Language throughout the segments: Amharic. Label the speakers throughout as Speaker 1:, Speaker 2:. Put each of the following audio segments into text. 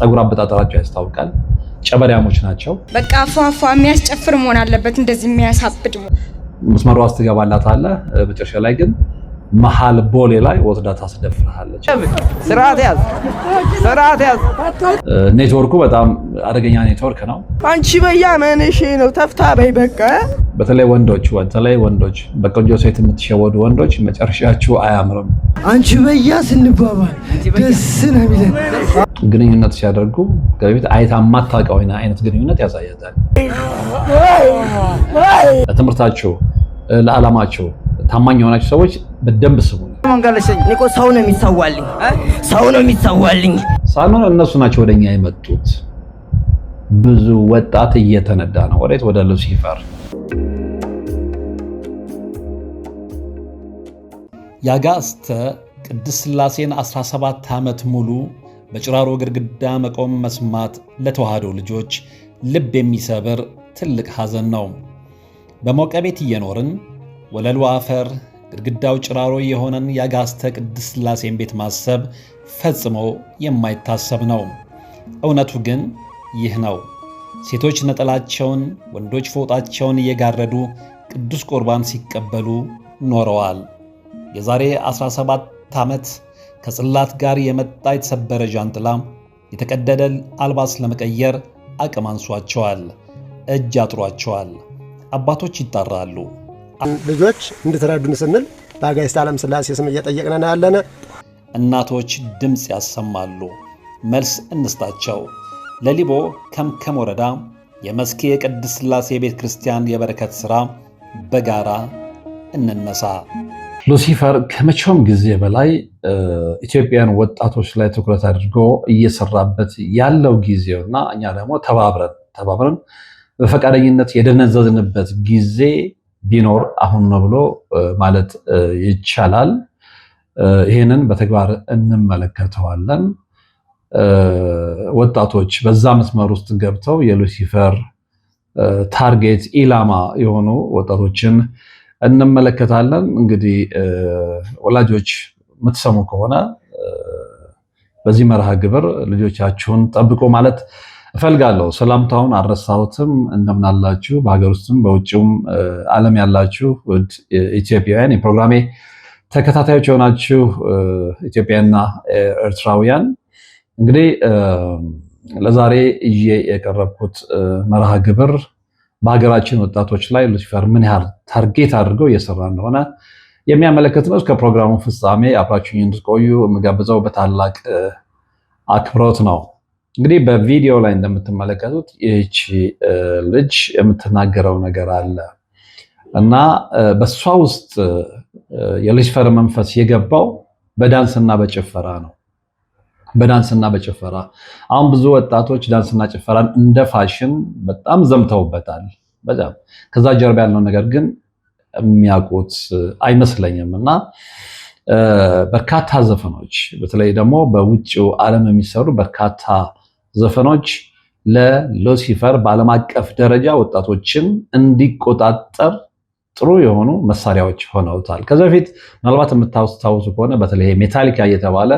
Speaker 1: ፀጉር አበጣጠራቸው ያስታውቃል። ጨበሪያሞች ናቸው።
Speaker 2: በቃ ፏፏ የሚያስጨፍር መሆን አለበት። እንደዚህ የሚያሳብድ
Speaker 1: መስመሯ አስትገባላት አለ። መጨረሻ ላይ ግን መሀል ቦሌ ላይ ወስዳ ታስደፍርሃለች።
Speaker 3: ስርዓት ያዝ፣ ስርዓት ያዝ።
Speaker 1: ኔትወርኩ በጣም አደገኛ ኔትወርክ ነው።
Speaker 4: አንቺ በያመንሽ ነው ተፍታ በይ በቃ
Speaker 1: በተለይ ወንዶች በተለይ ወንዶች በቆንጆ ሴት የምትሸወዱ ወንዶች መጨረሻችሁ አያምርም።
Speaker 4: አንቺ በያ ስንባባል ደስ ነው የሚለን
Speaker 1: ግንኙነት ሲያደርጉ ከበፊት አይታ የማታውቀው አይነት ግንኙነት ያሳያታል። ለትምህርታችሁ፣ ለዓላማችሁ ታማኝ የሆናችሁ ሰዎች በደንብ ስሙ።
Speaker 3: እኮ ሰው ነው የሚሰዋልኝ፣ ሰው ነው የሚሰዋልኝ
Speaker 1: ሳይሆን እነሱ ናቸው ወደኛ የመጡት። ብዙ ወጣት እየተነዳ ነው ወዴት? ወደ ሉሲፈር። የአጋስተ ቅድስት ስላሴን 17 ዓመት ሙሉ በጭራሮ ግድግዳ መቆም መስማት ለተዋህዶ ልጆች ልብ የሚሰብር ትልቅ ሐዘን ነው። በሞቀ ቤት እየኖርን ወለሉ አፈር ግድግዳው ጭራሮ የሆነን የአጋስተ ቅድስት ስላሴን ቤት ማሰብ ፈጽሞ የማይታሰብ ነው። እውነቱ ግን ይህ ነው። ሴቶች ነጠላቸውን፣ ወንዶች ፎጣቸውን እየጋረዱ ቅዱስ ቁርባን ሲቀበሉ ኖረዋል። የዛሬ 17 ዓመት ከጽላት ጋር የመጣ የተሰበረ ዣንጥላ የተቀደደ አልባስ ለመቀየር አቅም አንሷቸዋል። እጅ አጥሯቸዋል። አባቶች ይጣራሉ።
Speaker 5: ልጆች እንድትረዱን ስንል በአጋዕዝተ ዓለም ሥላሴ ስም እየጠየቅነና ያለነ
Speaker 1: እናቶች ድምፅ ያሰማሉ። መልስ እንስጣቸው። ለሊቦ ከምከም ወረዳ የመስኬ የቅድስት ሥላሴ ቤተ ክርስቲያን የበረከት ሥራ በጋራ እንነሳ። ሉሲፈር ከመቼውም ጊዜ በላይ ኢትዮጵያን ወጣቶች ላይ ትኩረት አድርጎ እየሰራበት ያለው እና እኛ ደግሞ ተባብረን ተባብረን በፈቃደኝነት የደነዘዝንበት ጊዜ ቢኖር አሁን ነው ብሎ ማለት ይቻላል። ይህንን በተግባር እንመለከተዋለን። ወጣቶች በዛ መስመር ውስጥ ገብተው የሉሲፈር ታርጌት ኢላማ የሆኑ ወጣቶችን እንመለከታለን። እንግዲህ ወላጆች የምትሰሙ ከሆነ በዚህ መርሃ ግብር ልጆቻችሁን ጠብቆ ማለት እፈልጋለሁ። ሰላምታውን አልረሳሁትም። እንደምናላችሁ በሀገር ውስጥም በውጭውም ዓለም ያላችሁ ውድ ኢትዮጵያውያን የፕሮግራሜ ተከታታዮች የሆናችሁ ኢትዮጵያና ኤርትራውያን እንግዲህ ለዛሬ ይዤ የቀረብኩት መርሃ ግብር በሀገራችን ወጣቶች ላይ ሉሲፈር ምን ያህል ታርጌት አድርገው እየሰራ እንደሆነ የሚያመለክት ነው። እስከ ፕሮግራሙ ፍጻሜ አብራችሁኝ እንድትቆዩ የምጋብዘው በታላቅ አክብሮት ነው። እንግዲህ በቪዲዮ ላይ እንደምትመለከቱት ይህቺ ልጅ የምትናገረው ነገር አለ እና በእሷ ውስጥ የሉሲፈር መንፈስ የገባው በዳንስና በጭፈራ ነው። በዳንስና በጭፈራ አሁን ብዙ ወጣቶች ዳንስና ጭፈራን እንደ ፋሽን በጣም ዘምተውበታል። በጣም ከዛ ጀርባ ያለው ነገር ግን የሚያውቁት አይመስለኝም እና በርካታ ዘፈኖች በተለይ ደግሞ በውጭው ዓለም የሚሰሩ በርካታ ዘፈኖች ለሉሲፈር በዓለም አቀፍ ደረጃ ወጣቶችን እንዲቆጣጠር ጥሩ የሆኑ መሳሪያዎች ሆነውታል። ከዚ በፊት ምናልባት የምታስታውሱ ከሆነ በተለይ ሜታሊካ እየተባለ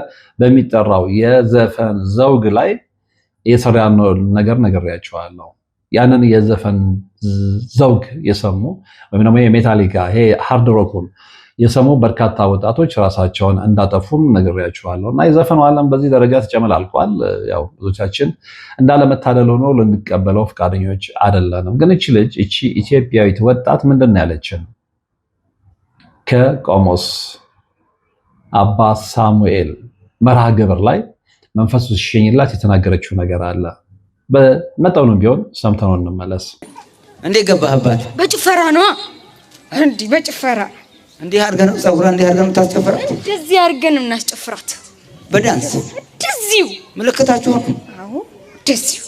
Speaker 1: በሚጠራው የዘፈን ዘውግ ላይ የሰራ ነገር ነግሬያቸዋለሁ። ያንን የዘፈን ዘውግ የሰሙ ወይም ደግሞ የሜታሊካ ይሄ ሃርድ ሮኩን የሰሙ በርካታ ወጣቶች ራሳቸውን እንዳጠፉም ነግሬያችኋለሁ እና የዘፈኑ ዓለም በዚህ ደረጃ ተጨመላልቋል። ያው ብዙቻችን እንዳለመታደል ሆኖ ልንቀበለው ፈቃደኞች አይደለንም። ግን እቺ ልጅ እቺ ኢትዮጵያዊት ወጣት ምንድን ነው ያለችን? ከቆሞስ አባ ሳሙኤል መርሃ ግብር ላይ መንፈሱ ሲሸኝላት የተናገረችው ነገር አለ። በመጠኑም ቢሆን ሰምተነው እንመለስ።
Speaker 3: እንዴ ገባህባት?
Speaker 2: በጭፈራ ነው እንዲህ በጭፈራ
Speaker 3: እንዲህ አድርገህ ነው ፀጉራ እንዲህ አድርገህ ነው የምታስጨፍራት?
Speaker 2: እንደዚህ አድርገህ ነው እናስጨፍራት። በዳንስ እንደዚሁ
Speaker 3: ምልክታችሁ ነው። አዎ
Speaker 2: እንደዚሁ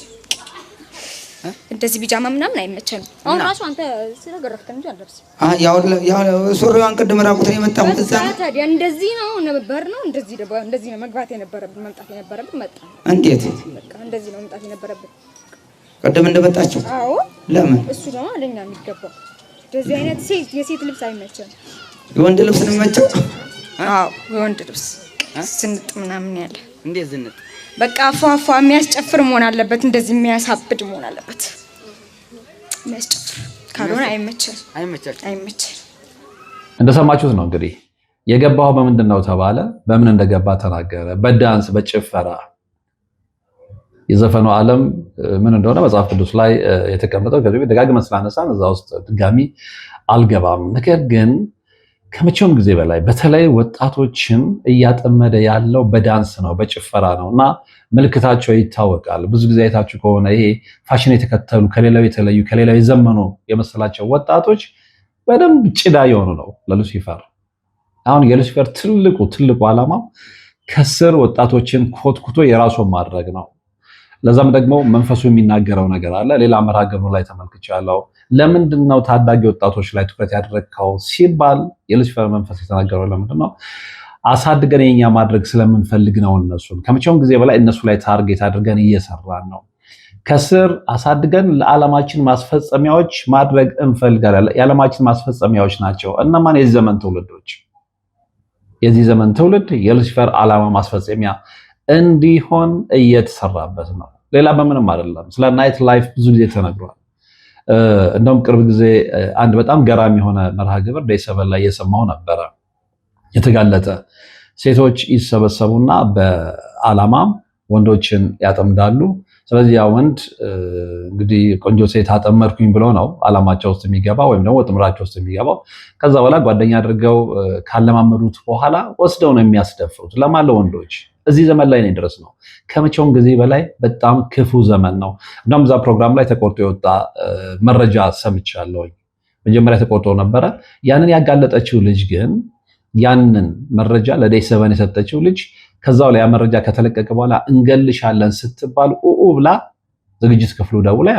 Speaker 2: እንደዚህ ቢጃማ ምናምን አይመቸንም። አሁን ራሱ አንተ ስለገረፍከን እንጂ አልለብስም።
Speaker 3: አይ ያው ያው ሱሪዋን ቅድም ራቁትን የመጣሁት
Speaker 2: እዛ ነው። ታዲያ እንደዚህ ነው ነበር ነው እንደዚህ ደግሞ እንደዚህ ነው መግባት የነበረብን መምጣት የነበረብን መጣ። እንዴት በቃ እንደዚህ ነው መምጣት የነበረብን
Speaker 3: ቅድም እንደመጣችሁ። አዎ ለምን
Speaker 2: እሱ ደግሞ ለኛ የሚገባው እንደዚህ አይነት ሴት የሴት ልብስ አይመቸንም።
Speaker 3: የወንድ ልብስ ነው የሚመቸው?
Speaker 2: አዎ የወንድ ልብስ ዝንጥ ምናምን ያለ እንዴት ዝንጥ? በቃ ፏፏ የሚያስጨፍር መሆን አለበት። እንደዚህ የሚያሳብድ መሆን አለበት። የሚያስጨፍር ካልሆነ አይመችም፣ አይመችም።
Speaker 1: እንደሰማችሁት ነው እንግዲህ የገባው በምንድን ነው ተባለ። በምን እንደገባ ተናገረ። በዳንስ በጭፈራ የዘፈኑ ዓለም ምን እንደሆነ መጽሐፍ ቅዱስ ላይ የተቀመጠው ከዚህ ደጋግመን ስላነሳን እዛ ውስጥ ድጋሚ አልገባም። ነገር ግን ከመቼውም ጊዜ በላይ በተለይ ወጣቶችን እያጠመደ ያለው በዳንስ ነው፣ በጭፈራ ነው እና ምልክታቸው ይታወቃል። ብዙ ጊዜ አይታችሁ ከሆነ ይሄ ፋሽን የተከተሉ ከሌላው የተለዩ ከሌላው የዘመኑ የመሰላቸው ወጣቶች በደንብ ጭዳ የሆኑ ነው ለሉሲፈር። አሁን የሉሲፈር ትልቁ ትልቁ ዓላማ ከስር ወጣቶችን ኮትኩቶ የራሱ ማድረግ ነው። ለዛም ደግሞ መንፈሱ የሚናገረው ነገር አለ። ሌላ መርሃ ግብሩ ላይ ተመልክቻለሁ። ለምንድን ነው ታዳጊ ወጣቶች ላይ ትኩረት ያደረግከው ሲባል የሉሲፈር መንፈስ የተናገረው ለምንድን ነው አሳድገን የኛ ማድረግ ስለምንፈልግ ነው። እነሱን ከመቼውም ጊዜ በላይ እነሱ ላይ ታርጌት አድርገን እየሰራን ነው። ከስር አሳድገን ለዓለማችን ማስፈጸሚያዎች ማድረግ እንፈልጋለን። የዓለማችን ማስፈጸሚያዎች ናቸው እነማን? የዚህ ዘመን ትውልዶች። የዚህ ዘመን ትውልድ የሉሲፈር ዓላማ ማስፈጸሚያ እንዲሆን እየተሰራበት ነው። ሌላ በምንም አይደለም። ስለ ናይት ላይፍ ብዙ ጊዜ ተነግሯል። እንደውም ቅርብ ጊዜ አንድ በጣም ገራሚ የሆነ መርሃ ግብር ደይሰበን ላይ እየሰማው ነበረ። የተጋለጠ ሴቶች ይሰበሰቡና በአላማም ወንዶችን ያጠምዳሉ። ስለዚህ ያ ወንድ እንግዲህ ቆንጆ ሴት አጠመድኩኝ ብሎ ነው አላማቸው ውስጥ የሚገባ ወይም ደግሞ ጥምራቸው ውስጥ የሚገባው። ከዛ በኋላ ጓደኛ አድርገው ካለማመዱት በኋላ ወስደው ነው የሚያስደፍሩት። ለማለ ወንዶች እዚህ ዘመን ላይ ነው ድረስ ነው። ከመቼውም ጊዜ በላይ በጣም ክፉ ዘመን ነው። እንደውም እዛ ፕሮግራም ላይ ተቆርጦ የወጣ መረጃ ሰምቻለሁኝ። መጀመሪያ ተቆርጦ ነበረ። ያንን ያጋለጠችው ልጅ ግን ያንን መረጃ ለዴይ ሰቨን የሰጠችው ልጅ ከዛው ላይ ያ መረጃ ከተለቀቀ በኋላ እንገልሻለን ስትባል ኡኡ ብላ ዝግጅት ክፍሉ ደውላ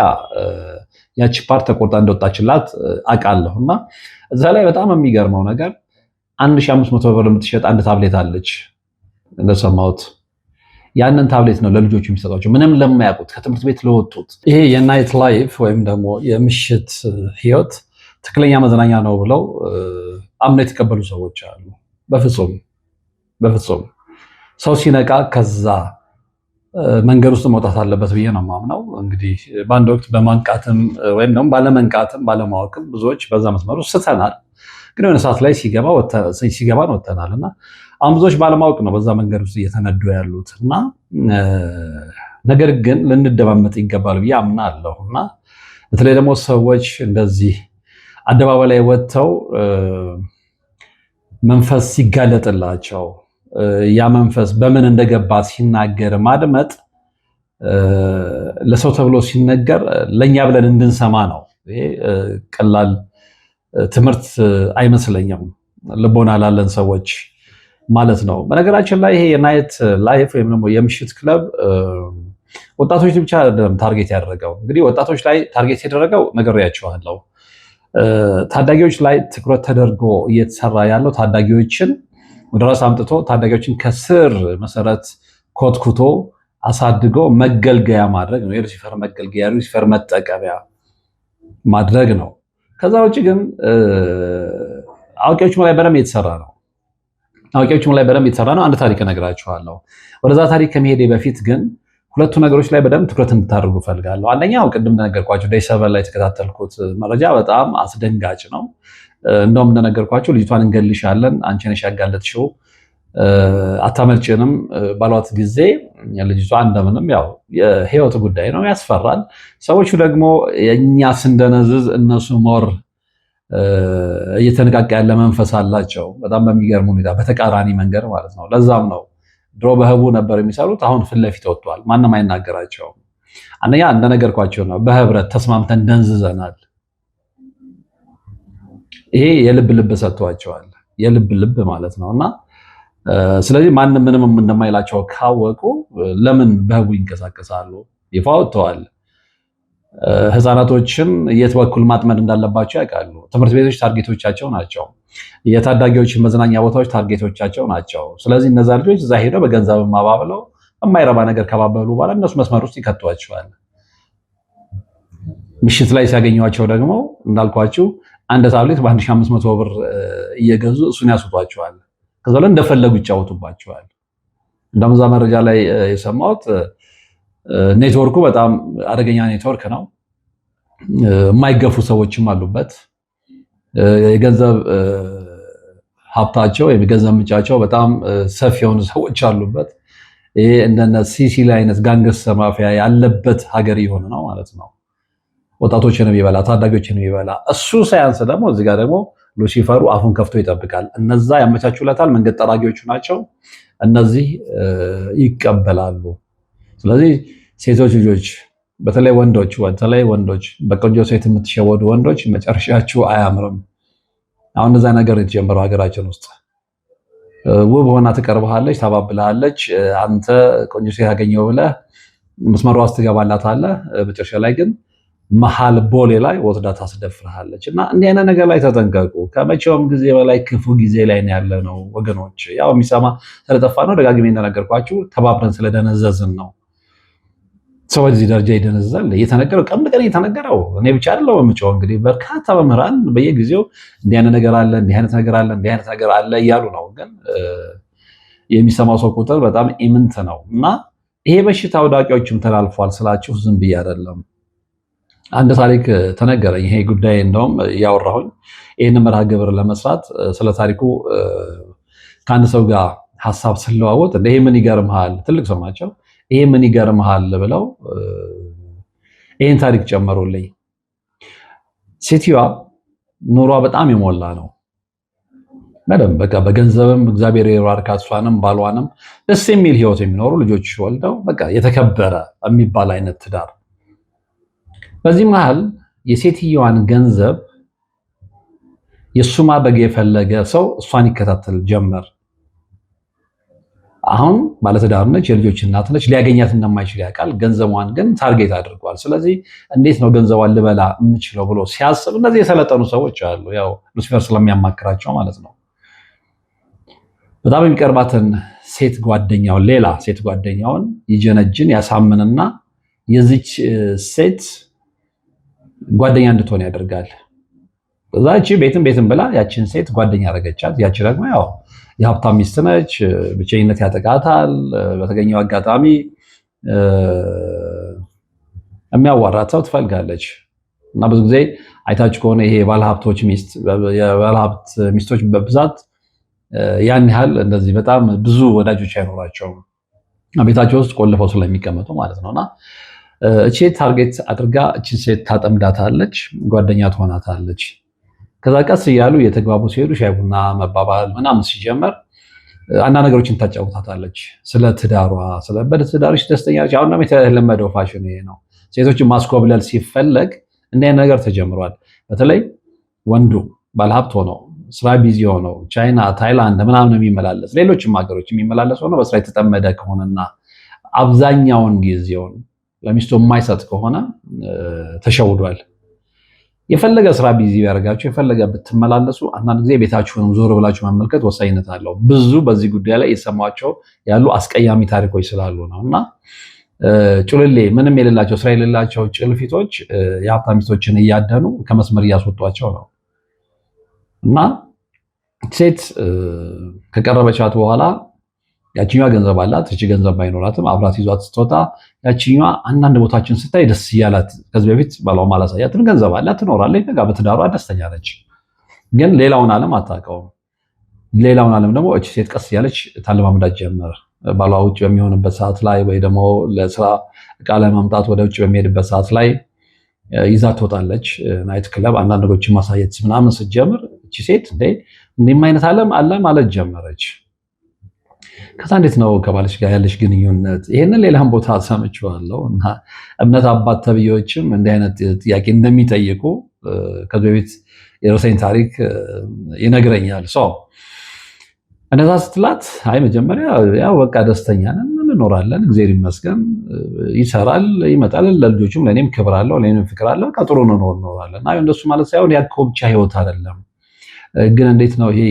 Speaker 1: ያቺ ፓርት ተቆርጣ እንደወጣችላት አውቃለሁ። እና እዛ ላይ በጣም የሚገርመው ነገር 1500 ብር የምትሸጥ አንድ ታብሌት አለች እንደሰማሁት ያንን ታብሌት ነው ለልጆቹ የሚሰጧቸው። ምንም ለማያውቁት ከትምህርት ቤት ለወጡት ይሄ የናይት ላይፍ ወይም ደግሞ የምሽት ህይወት ትክክለኛ መዝናኛ ነው ብለው አምነው የተቀበሉ ሰዎች አሉ። በፍጹም በፍጹም ሰው ሲነቃ ከዛ መንገድ ውስጥ መውጣት አለበት ብዬ ነው የማምነው። እንግዲህ በአንድ ወቅት በማንቃትም ወይም ደግሞ ባለመንቃትም ባለማወቅም ብዙዎች በዛ መስመር ውስጥ ስተናል፣ ግን የሆነ ሰዓት ላይ ሲገባን ወተናል እና አምዞች ብዙዎች ባለማወቅ ነው በዛ መንገድ ውስጥ እየተነዱ ያሉት እና ነገር ግን ልንደማመጥ ይገባል ብዬ አምናለሁ እና በተለይ ደግሞ ሰዎች እንደዚህ አደባባይ ላይ ወጥተው መንፈስ ሲጋለጥላቸው ያ መንፈስ በምን እንደገባ ሲናገር ማድመጥ ለሰው ተብሎ ሲነገር ለእኛ ብለን እንድንሰማ ነው። ይሄ ቀላል ትምህርት አይመስለኝም ልቦና ላለን ሰዎች ማለት ነው። በነገራችን ላይ ይሄ የናይት ላይፍ ወይም ደግሞ የምሽት ክለብ ወጣቶች ብቻ ታርጌት ያደረገው እንግዲህ ወጣቶች ላይ ታርጌት የደረገው ነግሬያቸዋለሁ። ታዳጊዎች ላይ ትኩረት ተደርጎ እየተሰራ ያለው ታዳጊዎችን ወደራስ አምጥቶ ታዳጊዎችን ከስር መሰረት ኮትኩቶ አሳድጎ መገልገያ ማድረግ ነው። የሉሲፈር መገልገያ የሉሲፈር መጠቀሚያ ማድረግ ነው። ከዛ ውጭ ግን አዋቂዎችም ላይ በደንብ የተሰራ ነው። አዋቂዎችም ላይ በደንብ የተሰራ ነው። አንድ ታሪክ እነግራችኋለሁ። ወደዛ ታሪክ ከመሄዴ በፊት ግን ሁለቱ ነገሮች ላይ በደንብ ትኩረት እንድታደርጉ ፈልጋለሁ። አንደኛው ቅድም እንደነገርኳቸው ዳይሰቨን ላይ የተከታተልኩት መረጃ በጣም አስደንጋጭ ነው። እንደውም እንደነገርኳቸው ልጅቷን እንገልሻለን፣ አንቺ ነሽ ያጋለጥሽው፣ አታመልጭንም ባሏት ጊዜ ልጅቷ እንደምንም ያው የህይወት ጉዳይ ነው፣ ያስፈራል። ሰዎቹ ደግሞ የእኛ ስንደነዝዝ እነሱ ሞር እየተነቃቀ ያለ መንፈስ አላቸው። በጣም በሚገርም ሁኔታ በተቃራኒ መንገድ ማለት ነው። ለዛም ነው ድሮ በህቡ ነበር የሚሰሩት፣ አሁን ፊት ለፊት ወጥቷል። ማንም አይናገራቸውም። አንደኛ እንደነገርኳቸው ነው፣ በህብረት ተስማምተን ደንዝዘናል። ይሄ የልብ ልብ ሰጥቷቸዋል። የልብ ልብ ማለት ነው እና ስለዚህ ማንም ምንም እንደማይላቸው ካወቁ ለምን በህቡ ይንቀሳቀሳሉ? ይፋ ወጥተዋል። ህፃናቶችን የት በኩል ማጥመድ እንዳለባቸው ያውቃሉ። ትምህርት ቤቶች ታርጌቶቻቸው ናቸው። የታዳጊዎች መዝናኛ ቦታዎች ታርጌቶቻቸው ናቸው። ስለዚህ እነዛ ልጆች እዛ ሄደው በገንዘብ ማባብለው የማይረባ ነገር ከባበሉ በኋላ እነሱ መስመር ውስጥ ይከቷቸዋል። ምሽት ላይ ሲያገኟቸው ደግሞ እንዳልኳችሁ አንድ ታብሌት በ1500 ብር እየገዙ እሱን ያስቷቸዋል። ከዛ እንደፈለጉ ይጫወቱባቸዋል። እንደምዛ መረጃ ላይ የሰማሁት ኔትወርኩ በጣም አደገኛ ኔትወርክ ነው። የማይገፉ ሰዎችም አሉበት። የገንዘብ ሀብታቸው ወይም የገንዘብ ምንጫቸው በጣም ሰፊ የሆኑ ሰዎች አሉበት። ይህ እንደነ ሲሲሊ አይነት ጋንግስተር ማፊያ ያለበት ሀገር የሆነ ነው ማለት ነው። ወጣቶችንም ይበላ፣ ታዳጊዎችንም ይበላ። እሱ ሳያንስ ደግሞ እዚህ ጋር ደግሞ ሉሲፈሩ አፉን ከፍቶ ይጠብቃል። እነዛ ያመቻቹለታል፣ መንገድ ጠራጊዎቹ ናቸው። እነዚህ ይቀበላሉ። ስለዚህ ሴቶች ልጆች በተለይ ወንዶች በተለይ ወንዶች በቆንጆ ሴት የምትሸወዱ ወንዶች መጨረሻችሁ አያምርም። አሁን እዛ ነገር የተጀመረው ሀገራችን ውስጥ ውብ ሆና ትቀርብሃለች፣ ታባብልሃለች። አንተ ቆንጆ ሴት ያገኘው ብለህ መስመሯ ውስጥ ትገባላታለህ። መጨረሻ ላይ ግን መሀል ቦሌ ላይ ወስዳ ታስደፍርሃለች። እና እንዲህ አይነት ነገር ላይ ተጠንቀቁ። ከመቼውም ጊዜ በላይ ክፉ ጊዜ ላይ ነው ያለ ነው ወገኖች። ያው የሚሰማ ስለጠፋ ነው፣ ደጋግሜ እንደነገርኳችሁ ተባብረን ስለደነዘዝን ነው። ሰው እዚህ ደረጃ ይደነዝዛል። እየተነገረው ቀን በቀን እየተነገረው እኔ ብቻ አይደለው የምጮኸው። እንግዲህ በርካታ መምህራን በየጊዜው እንዲህ አይነት ነገር አለ፣ እንዲህ አይነት ነገር አለ፣ እንዲህ አይነት ነገር አለ እያሉ ነው። ግን የሚሰማው ሰው ቁጥር በጣም ኢምንት ነው እና ይሄ በሽታ ወደ ተላልፏል ስላችሁ ዝም ብዬ አይደለም። አንድ ታሪክ ተነገረኝ። ይሄ ጉዳይ እንደውም እያወራሁኝ ይህን መርሃ ግብር ለመስራት ስለ ታሪኩ ከአንድ ሰው ጋር ሀሳብ ስለዋወጥ እንደ ይህ ምን ይገርምሃል፣ ትልቅ ሰው ናቸው ይሄ ምን ይገርምሃል ብለው ይህን ታሪክ ጨመሩልኝ። ሴትዮዋ ኑሯ በጣም የሞላ ነው። መደም በቃ በገንዘብም እግዚአብሔር የባርካት እሷንም ባሏንም ደስ የሚል ህይወት የሚኖሩ ልጆች ወልደው በቃ የተከበረ የሚባል አይነት ትዳር። በዚህ መሀል የሴትዮዋን ገንዘብ የእሱ ማበግ የፈለገ ሰው እሷን ይከታተል ጀመር። አሁን ባለትዳር ነች፣ የልጆች እናት ነች፣ ሊያገኛት እንደማይችል ያውቃል። ገንዘቧን ግን ታርጌት አድርጓል። ስለዚህ እንዴት ነው ገንዘቧን ልበላ የምችለው ብሎ ሲያስብ እነዚህ የሰለጠኑ ሰዎች አሉ፣ ያው ሉሲፈር ስለሚያማክራቸው ማለት ነው። በጣም የሚቀርባትን ሴት ጓደኛውን ሌላ ሴት ጓደኛውን ይጀነጅን ያሳምንና የዚች ሴት ጓደኛ እንድትሆን ያደርጋል። እዛ እቺ ቤትም ቤትም ብላ ያችን ሴት ጓደኛ አደረገቻት። ያቺ ደግሞ ያው የሀብታም ሚስት ነች። ብቸኝነት ያጠቃታል። በተገኘው አጋጣሚ የሚያዋራት ሰው ትፈልጋለች እና ብዙ ጊዜ አይታች ከሆነ ይሄ የባለሀብቶች ሚስት የባለሀብት ሚስቶች በብዛት ያን ያህል እንደዚህ በጣም ብዙ ወዳጆች አይኖራቸውም ቤታቸው ውስጥ ቆልፈው ስለሚቀመጡ ማለት ነውና እቺ ታርጌት አድርጋ እቺ ሴት ታጠምዳታለች፣ ጓደኛ ትሆናታለች። ከዛ ቀስ እያሉ የተግባቡ ሲሄዱ ሻይ ቡና መባባል ምናምን ሲጀመር አንዳንድ ነገሮችን ታጫውታታለች። ስለ ትዳሯ፣ ስለ በደ በትዳርሽ ደስተኛ ነች? አሁን የተለመደው ፋሽን ይሄ ነው። ሴቶችን ማስኮብለል ሲፈለግ እንዲህ ነገር ተጀምሯል። በተለይ ወንዱ ባለሀብት ሆኖ ስራ ቢዚ ሆኖ ቻይና፣ ታይላንድ ምናምን የሚመላለስ ሌሎችም ሀገሮች የሚመላለስ ሆኖ በስራ የተጠመደ ከሆነና አብዛኛውን ጊዜውን ለሚስቱ የማይሰጥ ከሆነ ተሸውዷል። የፈለገ ስራ ቢዚ ቢያደርጋችሁ የፈለገ ብትመላለሱ አንዳንድ ጊዜ ቤታችሁንም ዞር ብላችሁ መመልከት ወሳኝነት አለው። ብዙ በዚህ ጉዳይ ላይ የሰማቸው ያሉ አስቀያሚ ታሪኮች ስላሉ ነው እና ጭልሌ ምንም የሌላቸው ስራ የሌላቸው ጭልፊቶች የሀብታም ሚስቶችን እያደኑ ከመስመር እያስወጧቸው ነው እና ሴት ከቀረበቻት በኋላ ያችኛዋ ገንዘብ አላት፣ እች ገንዘብ ባይኖራትም አብራት ይዟት ስትወጣ ያችኛዋ አንዳንድ ቦታችን ስታይ ደስ እያላት ከዚህ በፊት ባሏ ማላሳያትን ገንዘብ አላት ትኖራለች፣ በቃ በትዳሯ ደስተኛ ነች። ግን ሌላውን ዓለም አታውቀውም። ሌላውን ዓለም ደግሞ እቺ ሴት ቀስ እያለች ታለማምዳት ጀመር። ባሏ ውጭ በሚሆንበት ሰዓት ላይ ወይ ደግሞ ለስራ እቃ ለማምጣት ወደ ውጭ በሚሄድበት ሰዓት ላይ ይዛ ትወጣለች። ናይት ክለብ አንዳንድ ነገሮችን ማሳየት ምናምን ስትጀምር እቺ ሴት እንዴ እንዲህ አይነት ዓለም አለ ማለት ጀመረች። ከዛ እንዴት ነው ከባልሽ ጋር ያለሽ ግንኙነት? ይህንን ሌላም ቦታ ሰምቼዋለሁ እና እምነት አባት ተብዬዎችም እንዲህ አይነት ጥያቄ እንደሚጠይቁ ከዚህ በፊት የሮሴን ታሪክ ይነግረኛል ሰው እነዛ ስትላት አይ መጀመሪያ ያው በቃ ደስተኛ ነን እንኖራለን፣ እግዚአብሔር ይመስገን፣ ይሰራል፣ ይመጣል፣ ለልጆችም ለእኔም ክብር አለው፣ ለእኔም ፍቅር አለው፣ ጥሩ ነው እኖራለን። አይ እንደሱ ማለት ሳይሆን ያ ብቻ ህይወት አይደለም ግን እንዴት ነው ይሄ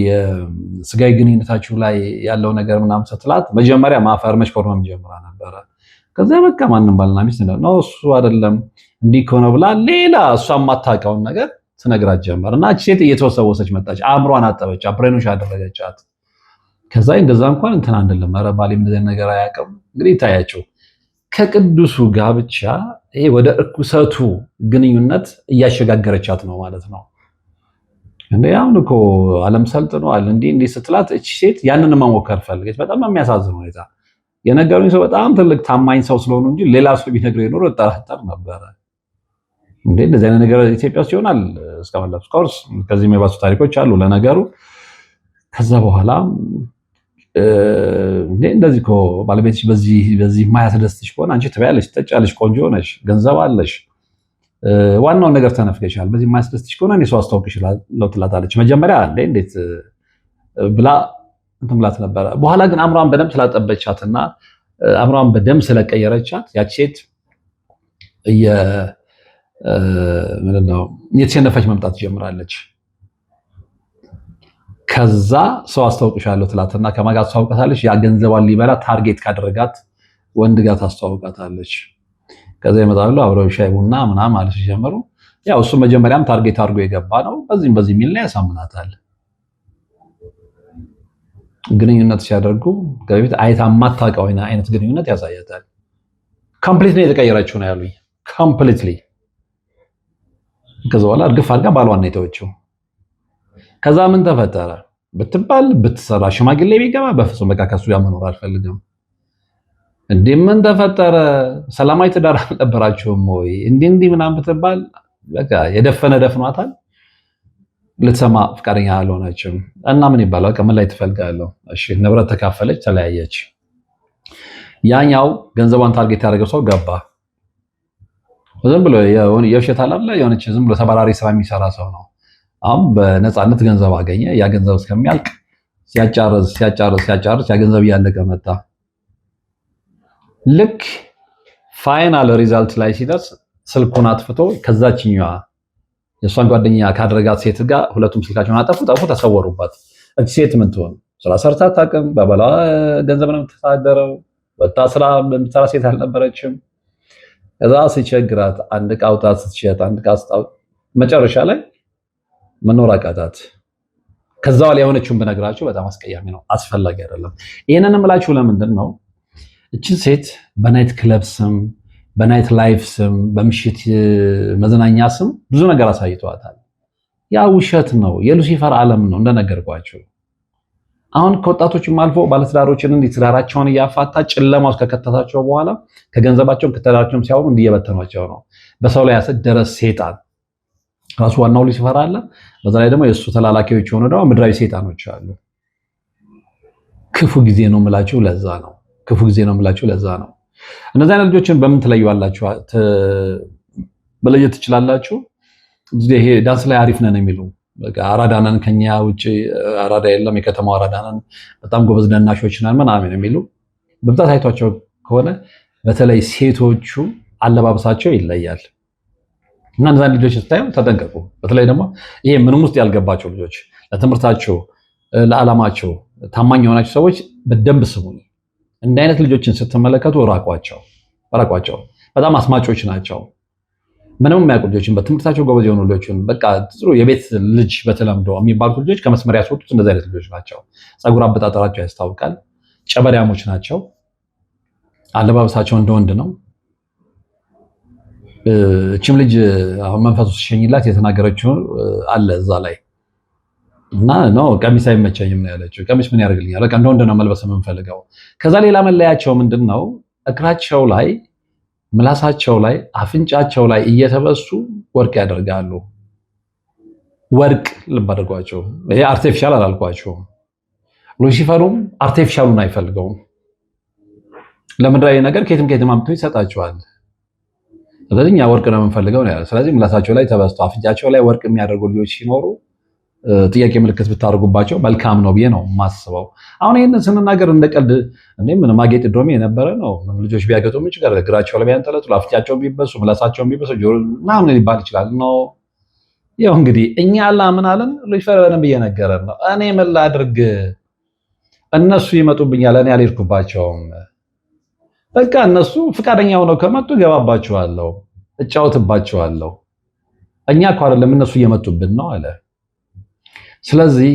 Speaker 1: የስጋዊ ግንኙነታችሁ ላይ ያለው ነገር ምናምን ስትላት መጀመሪያ ማፈር መሽኮርመም ጀምራ ነበረ። ከዚያ በቃ ማንም ባልና ሚስት ነው እሱ አይደለም እንዲህ ከሆነ ብላ ሌላ እሷ የማታውቀውን ነገር ትነግራት ጀመር እና ሴት እየተወሰወሰች መጣች። አእምሯን አጠበች፣ ብሬኖች አደረገቻት። ከዛ እንደዛ እንኳን እንትን አንደለም ኧረ ባሌም እንደዚህ ነገር አያውቅም። እንግዲህ ይታያቸው ከቅዱሱ ጋብቻ ይሄ ወደ እርኩሰቱ ግንኙነት እያሸጋገረቻት ነው ማለት ነው። እንዴ አሁን እኮ ዓለም ሰልጥኗል እንዲህ እንዲህ ስትላት እቺ ሴት ያንን መሞከር ፈልገች። በጣም የሚያሳዝን ሁኔታ የነገሩኝ ሰው በጣም ትልቅ ታማኝ ሰው ስለሆኑ እንጂ ሌላ ሰው ቢነግረኝ ኖሮ እጠራጠር ነበረ። እንዴ እንደዚህ አይነት ነገር ኢትዮጵያ ውስጥ ይሆናል እስካሁን ኦፍኮርስ ከዚህ የባሱ ታሪኮች አሉ ለነገሩ። ከዛ በኋላ እንዴ እንደዚህ እኮ ባለቤትሽ በዚህ በዚህ የማያስደስትሽ ከሆነ አንቺ ትበያለሽ፣ ትጠጫለሽ፣ ቆንጆ ነሽ፣ ገንዘብ አለሽ ዋናውን ነገር ተነፍገሻል፣ በዚህ የማያስደስትሽ ከሆነ እኔ ሰው አስታውቅ ይችላለሁ ትላታለች። መጀመሪያ አለ እንዴት ብላ እንትን ብላት ነበረ። በኋላ ግን አእምሯን በደንብ እና አእምሯን በደንብ ስለቀየረቻት ያች ሴት ምንድነው የተሸነፈች መምጣት ትጀምራለች። ከዛ ሰው አስታውቅሻለሁ ትላትና ከማጋ ጋር አስተዋውቃታለች? ያ ገንዘቧን ሊበላ ታርጌት ካደረጋት ወንድ ጋር ታስተዋውቃታለች። ከዛ ይመጣሉ አብረው ሻይ ቡና ምናምን ማለት ሲጀምሩ ያው እሱ መጀመሪያም ታርጌት አድርጎ የገባ ነው። በዚህም በዚህ የሚል ላይ ያሳምናታል። ግንኙነት ሲያደርጉ ከበፊት አይታ የማታውቀው አይነት ግንኙነት ያሳያታል። ኮምፕሊት ነው የተቀየረችው ነው ያሉኝ። ኮምፕሊትሊ ከዛ በኋላ እርግፍ አድርጋ ባሏን ነው የተወችው። ከዛ ምን ተፈጠረ ብትባል ብትሰራ ሽማግሌ ቢገባ በፍጹም በቃ ከሱ ጋር መኖር አልፈልግም እንዲህ ምን ተፈጠረ? ሰላማዊ ትዳር አልነበራችሁም ወይ? እንዲህ እንዲህ ምናምን ብትባል በቃ የደፈነ ደፍኗታል። ልትሰማ ፍቃደኛ አልሆነችም። እና ምን ይባላል? በቃ ምን ላይ ትፈልጋለሁ? እሺ ንብረት ተካፈለች፣ ተለያየች። ያኛው ገንዘቧን ታርጌት ያደረገው ሰው ገባ። ዝም ብሎ የውሸት አላለ የሆነች ዝም ብሎ ተባራሪ ስራ የሚሰራ ሰው ነው። አሁን በነፃነት ገንዘብ አገኘ። ያ ገንዘብ እስከሚያልቅ ሲያጫርስ ሲያጫርስ ሲያጫርስ ያ ገንዘብ እያለቀ መጣ። ልክ ፋይናል ሪዛልት ላይ ሲደርስ ስልኩን አጥፍቶ ከዛችኛዋ የእሷን ጓደኛ ካደረጋት ሴት ጋር ሁለቱም ስልካቸውን አጠፉ፣ ጠፉ፣ ተሰወሩባት። እች ሴት ምን ትሆን? ስራ ሰርታ አታውቅም። በበላ ገንዘብ ነው የምትተዳደረው። ወጣ ስራ የምትሰራ ሴት አልነበረችም። እዛ ሲቸግራት አንድ ዕቃ አውጣ ስትሸጥ፣ አንድ ዕቃ ስጣው፣ መጨረሻ ላይ መኖር አቃታት። ከዛዋ ላይ የሆነችውን ብነግራችሁ በጣም አስቀያሚ ነው፣ አስፈላጊ አይደለም። ይህንን ምላችሁ ለምንድን ነው እችን ሴት በናይት ክለብ ስም፣ በናይት ላይፍ ስም፣ በምሽት መዝናኛ ስም ብዙ ነገር አሳይተዋታል። ያ ውሸት ነው፣ የሉሲፈር ዓለም ነው እንደነገርኳቸው። አሁን ከወጣቶችም አልፎ ባለትዳሮችን እንዲህ ትዳራቸውን እያፋታ ጨለማ ውስጥ ከከተታቸው በኋላ ከገንዘባቸውም ከትዳራቸውም ሲያውም እንዲየበተኗቸው ነው። በሰው ላይ ያሰደረ ሴጣን ራሱ ዋናው ሉሲፈር አለ። በዛ ላይ ደግሞ የእሱ ተላላኪዎች የሆኑ ደግሞ ምድራዊ ሴጣኖች አሉ። ክፉ ጊዜ ነው የምላቸው ለዛ ነው። ክፉ ጊዜ ነው የምላችሁ። ለዛ ነው እነዚህ አይነት ልጆችን በምን ትለዩዋላችሁ? መለየት ትችላላችሁ። ይሄ ዳንስ ላይ አሪፍ ነን የሚሉ አራዳናን ከኛ ውጭ አራዳ የለም፣ የከተማው አራዳናን በጣም ጎበዝ ደናሾች ነን ምናምን የሚሉ በብዛት አይቷቸው ከሆነ በተለይ ሴቶቹ አለባበሳቸው ይለያል እና እነዛን ልጆች ስታዩ ተጠንቀቁ። በተለይ ደግሞ ይሄ ምንም ውስጥ ያልገባቸው ልጆች ለትምህርታቸው ለዓላማቸው ታማኝ የሆናቸው ሰዎች በደንብ ስሙ። እንዲህ አይነት ልጆችን ስትመለከቱ ራቋቸው ራቋቸው። በጣም አስማጮች ናቸው። ምንም የማያውቁ ልጆችን፣ በትምህርታቸው ጎበዝ የሆኑ ልጆችን በቃ ጥሩ የቤት ልጅ በተለምዶ የሚባሉት ልጆች ከመስመር ያስወጡት እንደዚህ አይነት ልጆች ናቸው። ጸጉር አበጣጠራቸው ያስታውቃል። ጨበሪያሞች ናቸው። አለባበሳቸው እንደወንድ ነው። እችም ልጅ አሁን መንፈሱ ሲሸኝላት የተናገረችው አለ እዛ ላይ እና ነው ቀሚስ አይመቸኝም ነው ያለችው። ቀሚስ ምን ያደርግልኛል? በቃ እንደ ወንድ ነው መልበስ የምንፈልገው። ከዛ ሌላ መለያቸው ምንድን ነው? እግራቸው ላይ፣ ምላሳቸው ላይ፣ አፍንጫቸው ላይ እየተበሱ ወርቅ ያደርጋሉ። ወርቅ ልብ አድርጓቸው። ይሄ አርቴፊሻል አላልኳቸውም። ሉሲፈሩም አርቴፊሻሉን አይፈልገውም። ለምድራዊ ነገር ከየትም ከየትም አምጥቶ ይሰጣቸዋል። ስለዚህ እኛ ወርቅ ነው የምንፈልገው ነው ያለ። ስለዚህ ምላሳቸው ላይ ተበስቶ አፍንጫቸው ላይ ወርቅ የሚያደርጉ ልጆች ሲኖሩ ጥያቄ ምልክት ብታደርጉባቸው መልካም ነው ብዬ ነው የማስበው። አሁን ይህንን ስንናገር እንደቀልድ ምን ማጌጥ ዶሜ የነበረ ነው። ልጆች ቢያገጡ ምንጭ ጋር እግራቸው ላይ ቢያንጠለጥሉ፣ አፍንጫቸውን ቢበሱ፣ ምላሳቸውን ቢበሱ ምናምን ሊባል ይችላል ነው። ያው እንግዲህ እኛ አላ ምን አለን ልጅ ፈረንም እየነገረን ነው። እኔ ምን ላድርግ? እነሱ ይመጡብኛል፣ እኔ አልሄድኩባቸውም። በቃ እነሱ ፈቃደኛ ሆነው ከመጡ ገባባቸዋለሁ፣ እጫወትባቸዋለሁ። እኛ እኮ አይደለም እነሱ እየመጡብን ነው አለ ስለዚህ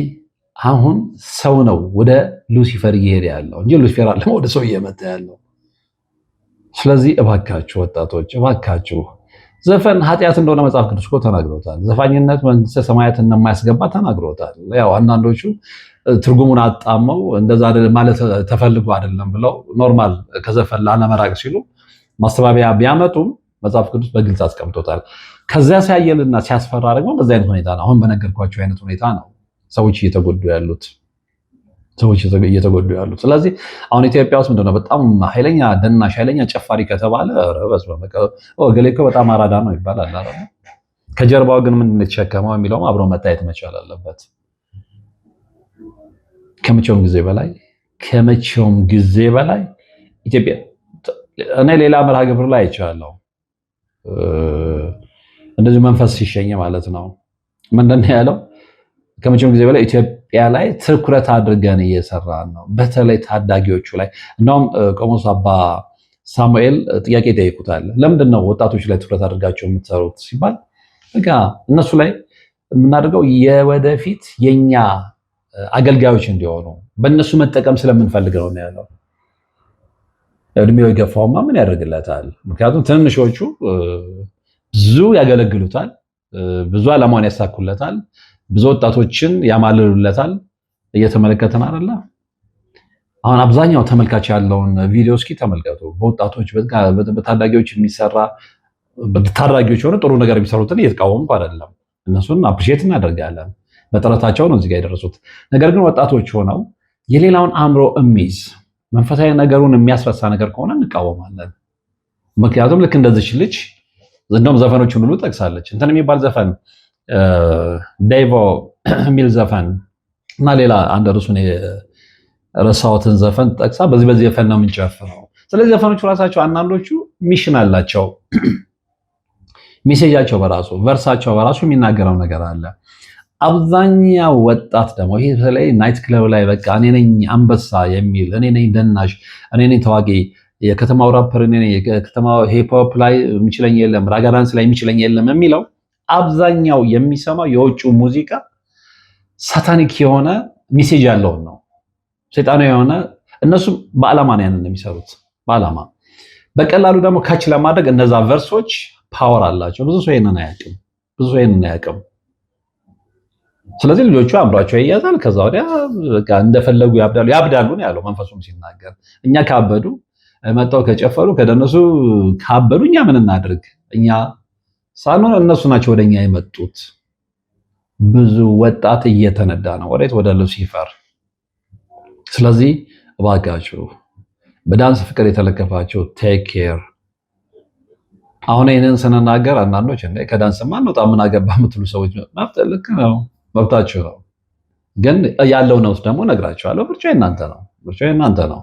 Speaker 1: አሁን ሰው ነው ወደ ሉሲፈር እየሄደ ያለው እንጂ ሉሲፈር አለ ወደ ሰው እየመጣ ያለው። ስለዚህ እባካችሁ ወጣቶች፣ እባካችሁ ዘፈን ኃጢአት እንደሆነ መጽሐፍ ቅዱስ እኮ ተናግሮታል። ዘፋኝነት መንግስተ ሰማያት እንደማያስገባ ተናግሮታል። ያው አንዳንዶቹ ትርጉሙን አጣመው እንደዛ ማለት ተፈልጎ አይደለም ብለው ኖርማል ከዘፈን ላለመራቅ ሲሉ ማስተባበያ ቢያመጡም መጽሐፍ ቅዱስ በግልጽ አስቀምጦታል። ከዚያ ሲያየልና ሲያስፈራ ደግሞ በዚ አይነት ሁኔታ ነው። አሁን በነገርኳቸው አይነት ሁኔታ ነው ሰዎች እየተጎዱ ያሉት ሰዎች እየተጎዱ ያሉት። ስለዚህ አሁን ኢትዮጵያ ውስጥ ምንድነው በጣም ኃይለኛ ደናሽ ኃይለኛ ጨፋሪ ከተባለ ረበስ ገሌ እኮ በጣም አራዳ ነው ይባላል። ከጀርባው ግን ምንድን ነው የተሸከመው የሚለውም አብሮ መታየት መቻል አለበት። ከመቼውም ጊዜ በላይ ከመቼውም ጊዜ በላይ ኢትዮጵያ እኔ ሌላ መርሃ ግብር ላይ አይቻለሁ። እንደዚሁ መንፈስ ሲሸኝ ማለት ነው ምንድን ነው ያለው ከመቼም ጊዜ በላይ ኢትዮጵያ ላይ ትኩረት አድርገን እየሰራን ነው፣ በተለይ ታዳጊዎቹ ላይ። እናውም ቆሞስ አባ ሳሙኤል ጥያቄ ይጠይቁታል። ለምንድን ነው ወጣቶች ላይ ትኩረት አድርጋቸው የምትሰሩት ሲባል በቃ እነሱ ላይ የምናደርገው የወደፊት የኛ አገልጋዮች እንዲሆኑ በእነሱ መጠቀም ስለምንፈልግ ነው ያለው። እድሜው የገፋውማ ምን ያደርግለታል? ምክንያቱም ትንንሾቹ ብዙ ያገለግሉታል፣ ብዙ ዓላማውን ያሳኩለታል። ብዙ ወጣቶችን ያማልሉለታል። እየተመለከተን አይደለ? አሁን አብዛኛው ተመልካች ያለውን ቪዲዮ እስኪ ተመልከቱ። በወጣቶች በታዳጊዎች የሚሰራ ታዳጊዎች የሆነ ጥሩ ነገር የሚሰሩትን እየተቃወምኩ አይደለም። እነሱን አፕሪሼት እናደርጋለን። በጥረታቸው ነው እዚጋ የደረሱት። ነገር ግን ወጣቶች ሆነው የሌላውን አእምሮ እሚይዝ መንፈሳዊ ነገሩን የሚያስረሳ ነገር ከሆነ እንቃወማለን። ምክንያቱም ልክ እንደዚች ልጅ እንደውም ዘፈኖችን ሁሉ ጠቅሳለች። እንትን የሚባል ዘፈን ዴቮ uh, የሚል ዘፈን እና ሌላ አንድ ርሱን የረሳሁትን uh, ዘፈን ጠቅሳ በዚህ በዚህ ዘፈን ነው የምንጨፍረው። ስለዚህ ዘፈኖቹ ራሳቸው አንዳንዶቹ ሚሽን አላቸው። ሜሴጃቸው በራሱ ቨርሳቸው በራሱ የሚናገረው ነገር አለ። አብዛኛው ወጣት ደግሞ ይሄ በተለይ ናይት ክለብ ላይ በቃ እኔ ነኝ አንበሳ የሚል እኔ ነኝ ደናሽ፣ እኔ ነኝ ታዋቂ፣ የከተማው ራፐር እኔ ነኝ፣ የከተማው ሂፕሆፕ ላይ የሚችለኝ የለም፣ ራጋ ዳንስ ላይ የሚችለኝ የለም የሚለው አብዛኛው የሚሰማው የውጭ ሙዚቃ ሳታኒክ የሆነ ሚሴጅ ያለውን ነው። ሰይጣኑ የሆነ እነሱም በዓላማ ነው ያንን የሚሰሩት በዓላማ። በቀላሉ ደግሞ ካች ለማድረግ እነዛ ቨርሶች ፓወር አላቸው። ብዙ ሰው ይሄንን አያውቅም። ብዙ ሰው ይሄንን አያውቅም። ስለዚህ ልጆቹ አእምሯቸው ይያዛል። ከዛ ወዲያ በቃ እንደፈለጉ ያብዳሉ። ያብዳሉ ነው ያለው መንፈሱም ሲናገር። እኛ ካበዱ መጣው ከጨፈሩ ከደነሱ ካበዱ እኛ ምን እናድርግ እኛ ሳንሆን እነሱ ናቸው ወደኛ የመጡት። ብዙ ወጣት እየተነዳ ነው ወዴት? ወደ ሉሲፈር። ስለዚህ እባካችሁ በዳንስ ፍቅር የተለከፋችሁ ቴክ ኬር። አሁን ይህንን ስንናገር አንዳንዶች እንደ ከዳንስ ማን ወጣ ምን አገባ የምትሉ ሰዎች ልክ ነው፣ መብታችሁ ነው። ግን ያለው ነውስ ደግሞ እነግራችኋለሁ። ምርጫ እናንተ ነው፣ ምርጫ እናንተ ነው።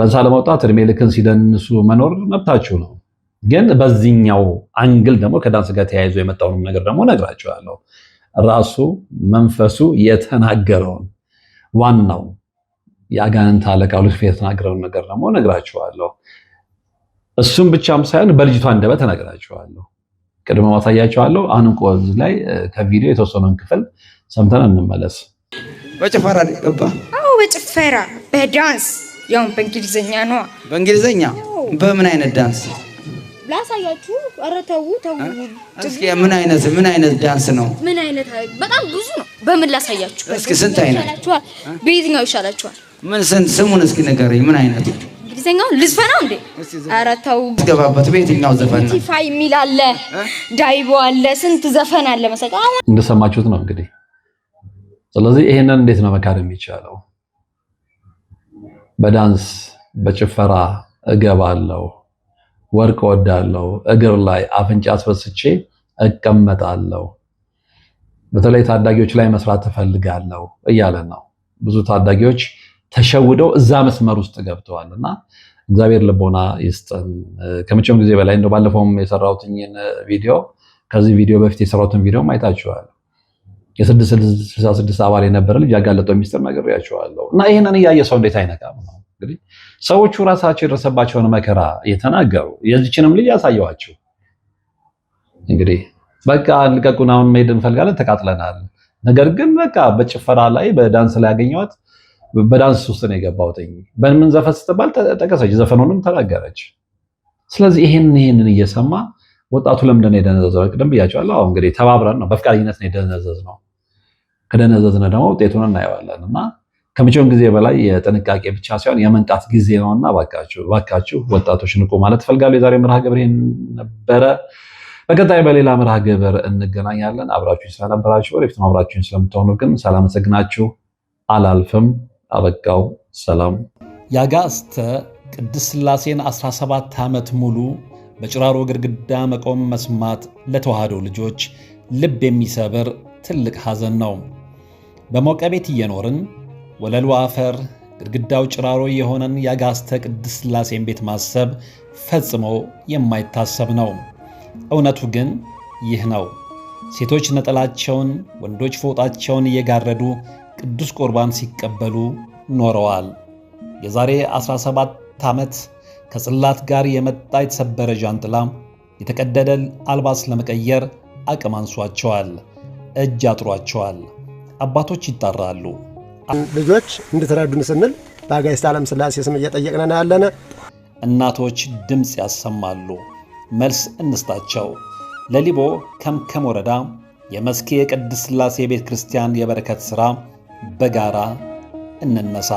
Speaker 1: ረንሳ ለመውጣት እድሜ ልክን ሲደንሱ መኖር መብታችሁ ነው። ግን በዚህኛው አንግል ደግሞ ከዳንስ ጋር ተያይዞ የመጣውንም ነገር ደግሞ ነግራቸዋለሁ። ራሱ መንፈሱ የተናገረውን ዋናው የአጋንንት አለቃ ሉሲፌር የተናገረውን ነገር ደግሞ ነግራቸዋለሁ። እሱም ብቻም ሳይሆን በልጅቷ አንደበት ተናግራቸዋለሁ። ቅድመ ማሳያቸዋለሁ። አሁን ቆዝ ላይ ከቪዲዮ የተወሰነውን ክፍል ሰምተን እንመለስ።
Speaker 3: በጭፈራ ነው
Speaker 2: አዎ በጭፈራ በዳንስ በእንግሊዝኛ ነዋ።
Speaker 3: በእንግሊዝኛ በምን አይነት ዳንስ
Speaker 2: ላሳያችሁ። ኧረ ተው ተው።
Speaker 3: እስኪ ምን አይነት ምን አይነት ዳንስ ነው?
Speaker 2: ምን አይነት በጣም ብዙ ነው። በምን ላሳያችሁ?
Speaker 3: እስኪ ስንት አይነት
Speaker 2: በየትኛው ይሻላችኋል?
Speaker 3: ምን ስንት ስሙን እስኪ ንገረኝ። ምን አይነት
Speaker 2: ልዝፈናው እንዴ? ኧረ ተው።
Speaker 3: በየትኛው ዘፈን ነው?
Speaker 2: ቲፋይ የሚል አለ፣ ዳይቦ አለ፣ ስንት ዘፈን አለ መሰለኝ።
Speaker 1: አሁን እንደሰማችሁት ነው እንግዲህ። ስለዚህ ይሄንን እንዴት ነው መካድ የሚቻለው? በዳንስ በጭፈራ እገባለሁ ወርቅ ወዳለው እግር ላይ አፍንጫ አስበስቼ እቀመጣለሁ። በተለይ ታዳጊዎች ላይ መስራት እፈልጋለሁ እያለ ነው። ብዙ ታዳጊዎች ተሸውደው እዛ መስመር ውስጥ ገብተዋል እና እግዚአብሔር ልቦና ይስጥን ከመቼውም ጊዜ በላይ እንደው ባለፈውም የሰራሁትን ቪዲዮ ከዚህ ቪዲዮ በፊት የሰራሁትን ቪዲዮ አይታችኋል። የስድስት ስድስት አባል የነበረ ልጅ ያጋለጠው ሚስጥር ነግሬያችኋለሁ እና ይህንን እያየ ሰው እንዴት አይነቃም ነው እንግዲህ ሰዎቹ ራሳቸው የደረሰባቸውን መከራ የተናገሩ የዚችንም ልጅ ያሳየዋቸው እንግዲህ በቃ ልቀቁን፣ አሁን መሄድ እንፈልጋለን፣ ተቃጥለናል። ነገር ግን በቃ በጭፈራ ላይ በዳንስ ላይ ያገኘዋት በዳንስ ውስጥ ነው የገባሁትኝ። በምን ዘፈን ስትባል ጠቀሰች፣ ዘፈኑንም ተናገረች። ስለዚህ ይሄን ይሄንን እየሰማ ወጣቱ ለምንድን ነው የደነዘዘው? ቅድም ብያቸዋለሁ። እንግዲህ ተባብረን ነው በፍቃደኝነት ነው የደነዘዝ ነው። ከደነዘዝን ደግሞ ውጤቱን እናየዋለን እና ከመቼውም ጊዜ በላይ የጥንቃቄ ብቻ ሳይሆን የመንጣት ጊዜ ነውና እባካችሁ እባካችሁ ወጣቶች ንቁ ማለት እፈልጋለሁ። የዛሬ መርሃ ግብር ይህን ነበረ። በቀጣይ በሌላ መርሃ ግብር እንገናኛለን። አብራችሁኝ ስለነበራችሁ ወደፊትም አብራችሁኝ ስለምትሆኑ ግን ሳላመሰግናችሁ አላልፍም። አበቃው። ሰላም። የአጋዕዝተ ቅድስት ሥላሴን 17 ዓመት ሙሉ በጭራሮ ግድግዳ መቆም መስማት ለተዋህዶ ልጆች ልብ የሚሰብር ትልቅ ሐዘን ነው። በሞቀ ቤት እየኖርን ወለሉ አፈር ግድግዳው ጭራሮ የሆነን የአጋስተ ቅድስት ሥላሴን ቤት ማሰብ ፈጽሞ የማይታሰብ ነው። እውነቱ ግን ይህ ነው። ሴቶች ነጠላቸውን፣ ወንዶች ፎጣቸውን እየጋረዱ ቅዱስ ቁርባን ሲቀበሉ ኖረዋል። የዛሬ 17 ዓመት ከጽላት ጋር የመጣ የተሰበረ ዣንጥላ፣ የተቀደደ አልባስ ለመቀየር አቅም አንሷቸዋል፣ እጅ አጥሯቸዋል። አባቶች ይጣራሉ።
Speaker 5: ልጆች እንድትረዱን ስንል በአጋዕዝተ ዓለም ሥላሴ ስም እየጠየቅነን ያለነ።
Speaker 1: እናቶች ድምፅ ያሰማሉ፣ መልስ እንስጣቸው። ለሊቦ ከምከም ወረዳ የመስኬ የቅድስት ሥላሴ ቤተ ክርስቲያን የበረከት ሥራ በጋራ እንነሳ።